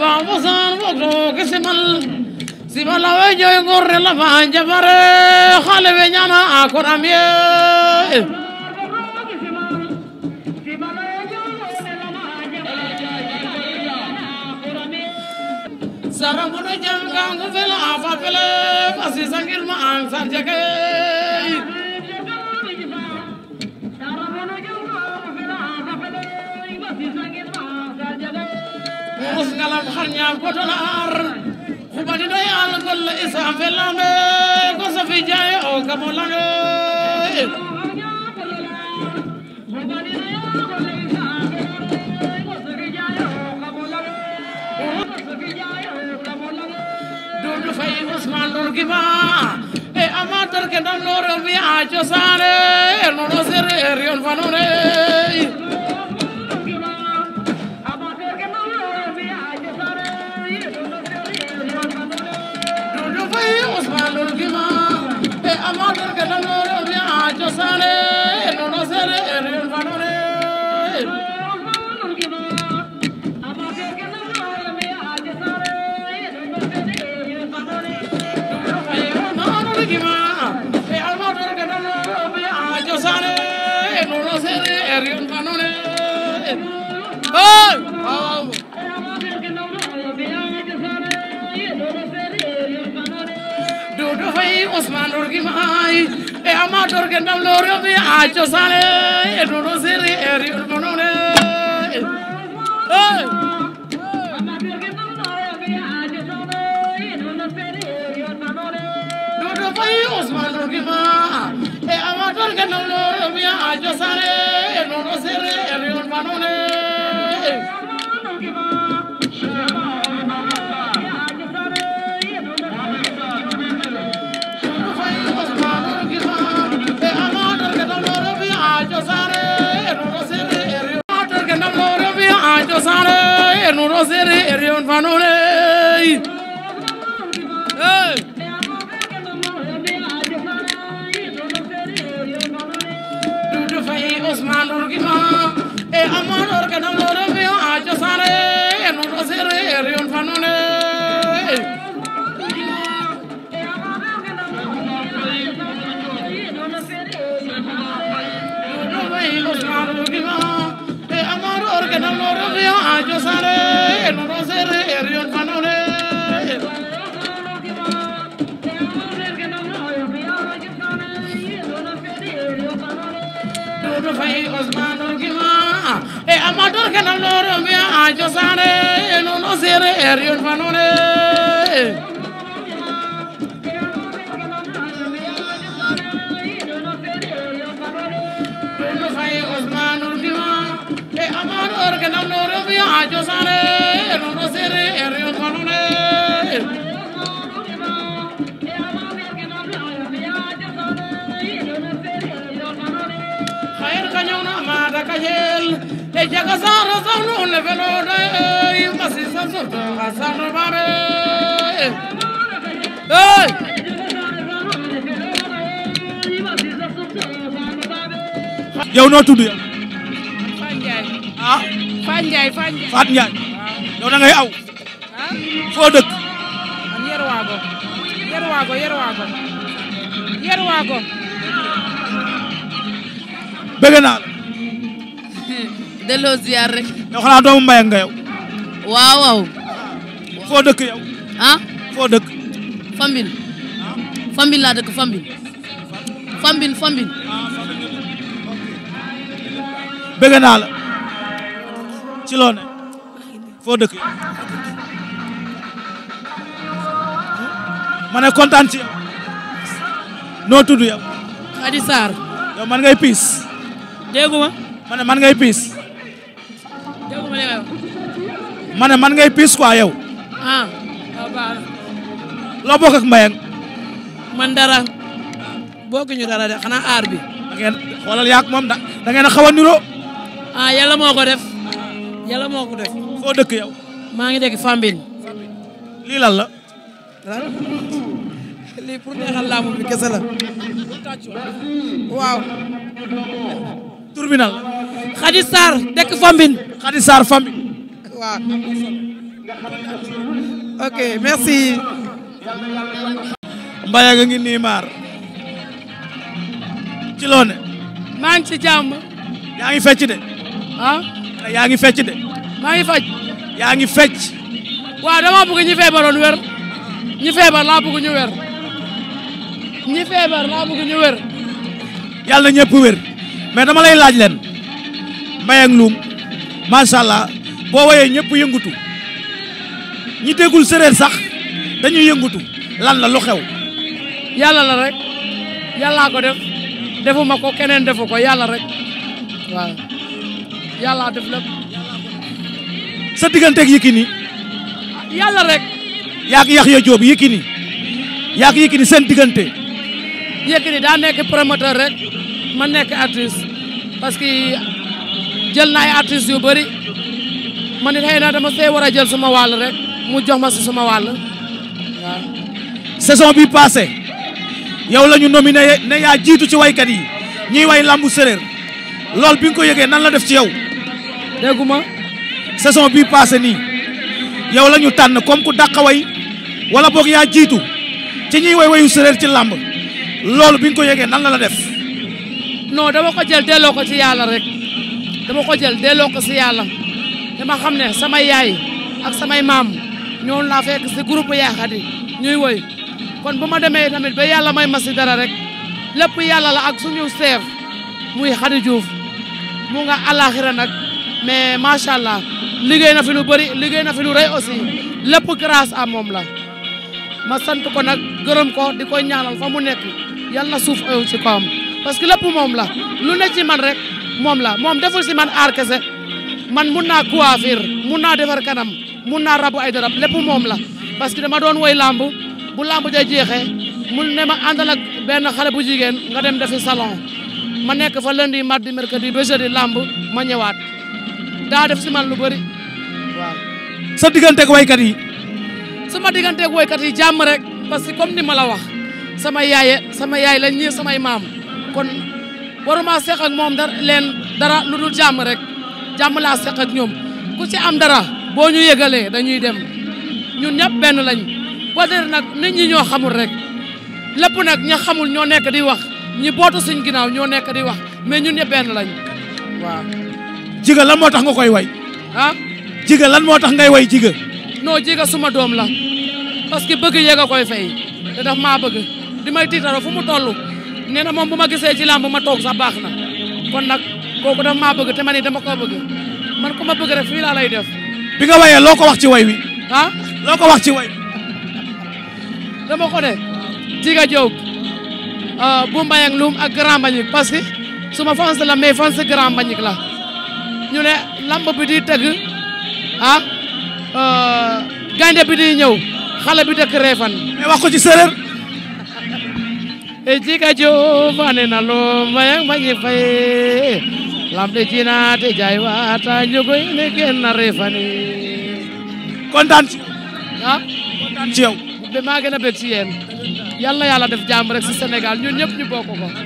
faambusan sara munu jam kangu fela a fa fele fasi sangir ma an sarjake usgalam xarña goton ar xuɓadi ɗoy al golle isam fe lande ko safi jaye o gamo lande dudu fay ousmane lor giba e amateur ke ndam no rew mi a cosane nono sereer yon fanone cosaane e nuuno seereer yon ka nuune hey e ama dorge loor yo a cosaane e nuuno seereer yon e nuuno seereer yoon fa nuun ey Fallou Faye Ousmane loore mi a cosaane e nun o séeréer كجيل تيجا كسار صنو لفلودا يمسي سنسرت غسان باري اي yow noo tudd yow. Ah? Fane Ndiaye. ah. Fane Ndiaye Fane Ndiaye. Fane Ndiaye. yow da ngay ah? delloo ziar rek. yow xanaa doomu mbay nga yow. waaw waaw. foo dëkk yow. ah foo dëkk. Fambin. Fambin laa dëkk Fambin. Fambin naa la. ci loo foo dëkk yow. ma ne kontaan ci noo tudd yow. Khady Sarr. yow man ngay piis. déggu ma. ma man ngay piis. ma man ngay piis quoi yow. ah waaw ah, loo ak Mbayang. man dara bokkuñu dara de xanaa aar bi. da ngeen xoolal yaak moom da da ngeen a xaw a niroo. Ah, moo ko def yàlla moo ko def. foo dëkk yow. maa ngi dëkk Fambine. lii la. lii pour neexal laamu bi kese waaw. tur Khady Sarr dëkk Fambine. Khady Sarr Fambine. ok merci. Mbaye nga ngi nii maar. ci loo maa ngi ci jàmm. yaa ngi fecc de. ah. yaa ngi fecc de. maa ngi fecc. yaa ngi fecc. waaw dama bëgg ñi feebaroon wér. ñi feebar laa bëgg ñu wér. ñi feebar laa bëgg ñu wér. yàlla na ñëpp wér mais dama lay laaj leen. mbay ak luum macha allah boo woyee ñëpp yëngutu ñi déggul séréer sax dañuy yëngutu lan la lu xew. yàlla la rek yàllaa ko def defuma ko keneen defu ko yàlla rek waaw def lépp. sa digganteeg Yékini. yàlla rek. yaa ngi Yaxya Joob Yékini yaa ngi Yékini seen diggante. daa nekk promoteur rek ma nekk artiste parce que. jël na ay artistes yu bëri man it xëy naa dama see war a jël suma wàll rek mu jox ma si suma wàll waaw. saison bi passé yow lañu ñu nominé ne yaa jiitu ci waykat yi ñuy way lambu séréer lool bi nga ko yëgee nan la def ci yow. dégguma saison bi passé ni yow la ñu tànn comme ku dàqa way wala boog yaa jiitu ci ñuy way wayu séréer ci làmb loolu bi nga ko yëgee nan la la def. non dama ko jël delloo ko ci yàlla rek. dama ko jël delloo ko si yàlla dama xam ne samay yaay ak samay maam ñoon laa fekk si groupe Yaye Khady ñuy woy kon bu ma demee tamit ba yàlla may ma si dara rek lépp yàlla la ak suñu chef muy Khady Diouf mu nga àllaaxira nag mais macha allah liggéey na fi lu bëri liggéey na fi lu rey aussi lépp grâce à moom la ma sant ko nag gërëm ko di koy ñaanal fa mu nekk yalla na suuf oyow ci kawam parce que lépp moom la lu ne ci man rek. moom la moom deful si man aar kese man mun naa coiffure mun naa defar kanam mun naa rabu ay darab lépp moom la parce que dama doon woy lamb bu lamb ja jeexee mun ne ma àndal benn xale bu jigéen nga dem defi salon ma nekk fa lundi mardi mercredi ba jeudi làmb ma ñëwaat daa def si man lu bëri waaw sa digganteeg waykat yi sama digganteeg waykat yi jàmm rek parce que comme ni ma la wax sama yaaye sama yaay lañ samay maam kon waruma seq ak moom dara leen dara lu dul jàmm rek jàmm laa ak ñoom ku ci am dara boo ñu yëgalee dañuy dem ñun ñëpp benn lañ peut-être nag nit ñi ñoo xamul rek lépp nag ña xamul ñoo nekk di wax ñi bootu suñ ginnaaw ñoo nekk di wax mais ñun ñëpp lañ waaw. jiga lan moo tax nga koy way. ah jiga lan moo tax ngay way jiga. noo jiga suma doom la parce que bëgg yéeg a koy fay te daf maa bëgg di may tiitaro fu mu toll. nee na moom bu ma gisee ci làmb ma toog sax baax na kon nag kooku daf maa bëgg te man dama ko bëgg man ko ma bëgg rek fii laa lay def. bi nga wayee loo ko wax ci way wi. ah loo ko wax ci way. dama ko ne Diga Diop ah, bu Mbayang Loum ak Grand Mbagnick parce que suma fans la mais fans Grand Mbagnick la ñu ne lamb bi di tëgg ah, ah gaynde bi di ñëw xale bi dëkk Réfane. mais wax ko ci séeréer. Ejika Juma nena lomba yang manyifai Lamde jina te jaiwa ta nyugo ini kena refani kontaan ci ah kontaan ci yow be maa gën a bég ci yéen yàlla yàlla def jàmm rek ci Sénégal ñun ñëpp ñu bokk ko